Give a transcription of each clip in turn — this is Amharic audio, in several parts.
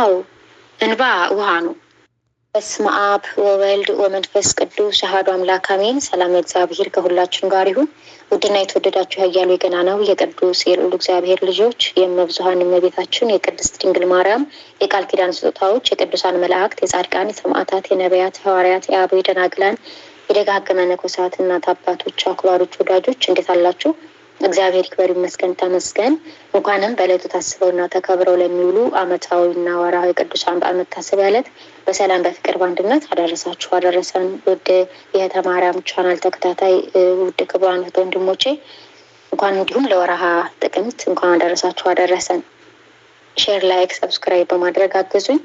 አዎ እንባ ውሃ ነው። በስመ አብ ወወልድ ወመንፈስ ቅዱስ አሐዱ አምላክ አሜን። ሰላም እግዚአብሔር ከሁላችን ጋር ይሁን። ውድና የተወደዳችሁ ያያሉ የገና ነው የቅዱስ የልዑል እግዚአብሔር ልጆች የመብዙሀን እመቤታችን የቅድስት ድንግል ማርያም የቃል ኪዳን ስጦታዎች የቅዱሳን መላእክት፣ የጻድቃን፣ የሰማዕታት፣ የነቢያት፣ ሐዋርያት፣ የአበው ደናግላን፣ የደጋግ መነኮሳት እናት አባቶች፣ ወዳጆች እንዴት አላችሁ? እግዚአብሔር ይክበር ይመስገን ተመስገን። እንኳንም በዕለቱ ታስበውና ተከብረው ለሚውሉ ዓመታዊና ወርሃዊ ቅዱሳን በዓል መታሰቢያ ዕለት በሰላም በፍቅር በአንድነት አደረሳችሁ አደረሰን። ውድ የተማሪያም ቻናል ተከታታይ ውድ ክቡራን ወንድሞቼ እንኳን እንዲሁም ለወርሃ ጥቅምት እንኳን አደረሳችሁ አደረሰን። ሼር፣ ላይክ፣ ሰብስክራይብ በማድረግ አግዙኝ።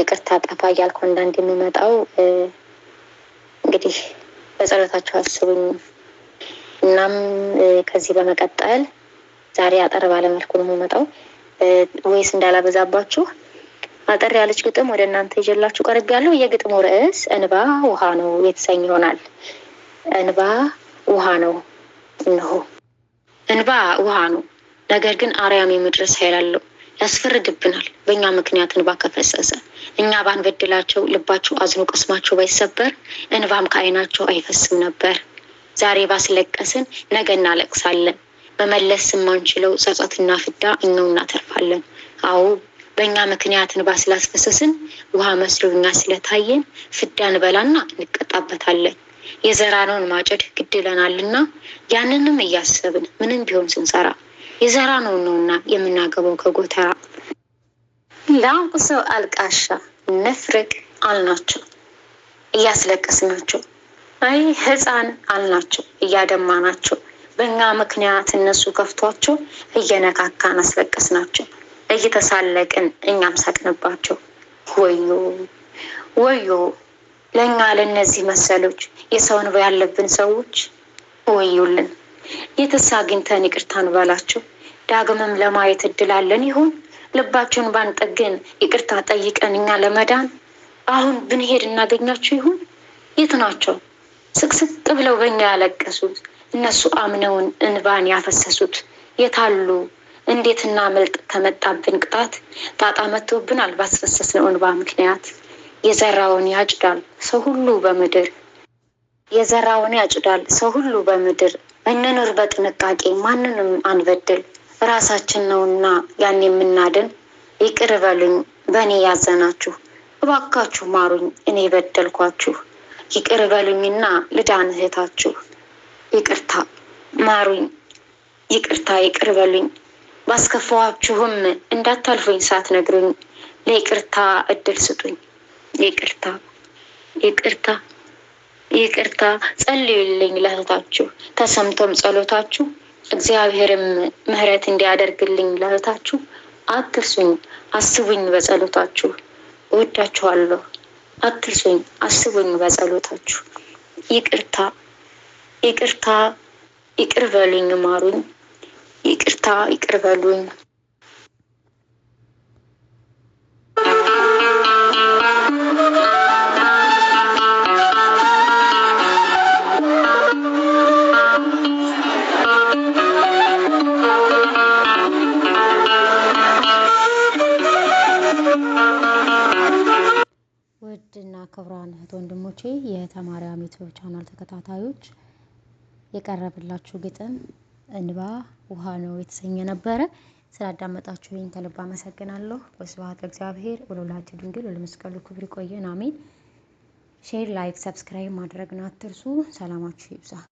ይቅርታ ጠፋ እያልኩ አንዳንድ የሚመጣው እንግዲህ በጸሎታችሁ አስቡኝ። እናም ከዚህ በመቀጠል ዛሬ አጠር ባለመልኩ ነው የምመጣው፣ ወይስ እንዳላበዛባችሁ አጠር ያለች ግጥም ወደ እናንተ ይዤላችሁ ቀርቤያለሁ። የግጥሙ ርዕስ እንባ ውሃ ነው የተሰኝ ይሆናል። እንባ ውሃ ነው። እንሆ እንባ ውሃ ነው፣ ነገር ግን አርያም የመድረስ ኃይል አለው። ያስፈርድብናል በእኛ ምክንያት እንባ ከፈሰሰ። እኛ ባንበድላቸው ልባቸው አዝኖ ቅስማቸው ባይሰበር እንባም ከዓይናቸው አይፈስም ነበር። ዛሬ ባስለቀስን ነገ እናለቅሳለን። መመለስ ስማንችለው ጸጸትና ፍዳ እኛው እናተርፋለን። አዎ በእኛ ምክንያት ባስላስፈሰስን ውሃ ውሃ እኛ ስለታየን ፍዳ እንበላና እንቀጣበታለን። የዘራነውን ማጨድ ግድ ይለናልና ያንንም እያሰብን ምንም ቢሆን ስንሰራ የዘራነውን ነውና የምናገባው ከጎተራ። ለአንቁ ሰው አልቃሻ ነፍርቅ አልናቸው እያስለቀስናቸው አይ ህፃን አልናቸው እያደማ ናቸው። በእኛ ምክንያት እነሱ ከፍቷቸው እየነካካን አስለቀስ ናቸው። እየተሳለቅን እኛም ሳቅንባቸው። ወዮ ወዮ ለእኛ ለእነዚህ መሰሎች የሰው እንባ ያለብን ሰዎች ወዮልን። የትስ አግኝተን ይቅርታ በላቸው ዳግምም ለማየት እድላለን ይሁን ይሆን? ልባቸውን ባንጠግን ይቅርታ ጠይቀን እኛ ለመዳን አሁን ብንሄድ እናገኛቸው ይሆን? የት ናቸው? ስቅስቅ ብለው በኛ ያለቀሱት እነሱ አምነውን እንባን ያፈሰሱት የታሉ? እንዴት እናመልጥ ከመጣብን ቅጣት? ጣጣ መጥቶብናል ባስፈሰስነው እንባ ምክንያት። የዘራውን ያጭዳል ሰው ሁሉ በምድር የዘራውን ያጭዳል ሰው ሁሉ በምድር። እንኑር በጥንቃቄ ማንንም አንበድል፣ ራሳችን ነውና ያን የምናድን። ይቅር በሉኝ በእኔ ያዘናችሁ፣ እባካችሁ ማሩኝ እኔ በደልኳችሁ። ይቅር በሉኝና ልዳን እህታችሁ፣ ይቅርታ ማሩኝ፣ ይቅርታ ይቅር በሉኝ፣ እንዳታልፉኝ እንዳታልፎኝ ሳትነግሩኝ ለይቅርታ እድል ስጡኝ፣ ይቅርታ ይቅርታ ይቅርታ ጸልዩልኝ ለእህታችሁ። ተሰምቶም ጸሎታችሁ እግዚአብሔርም ምሕረት እንዲያደርግልኝ ለእህታችሁ አትርሱኝ፣ አስቡኝ በጸሎታችሁ። እወዳችኋለሁ። አትርሶኝ፣ አስቡኝ በጸሎታችሁ። ይቅርታ ይቅርታ ይቅር በሉኝ፣ ማሩኝ፣ ይቅርታ ይቅር በሉኝ፣ ክቡራን እህት ወንድሞቼ የተማሪያም ዩቲዩብ ቻናል ተከታታዮች የቀረብላችሁ ግጥም እንባ ውሃ ነው የተሰኘ ነበረ። ስላዳመጣችሁኝ ከልብ አመሰግናለሁ። ወስብሐት ለእግዚአብሔር ወለወላዲቱ ድንግል ወለመስቀሉ ክቡር። ይቆየን። አሜን። ሼር፣ ላይክ፣ ሰብስክራይብ ማድረግን አትርሱ። ሰላማችሁ ይብዛ።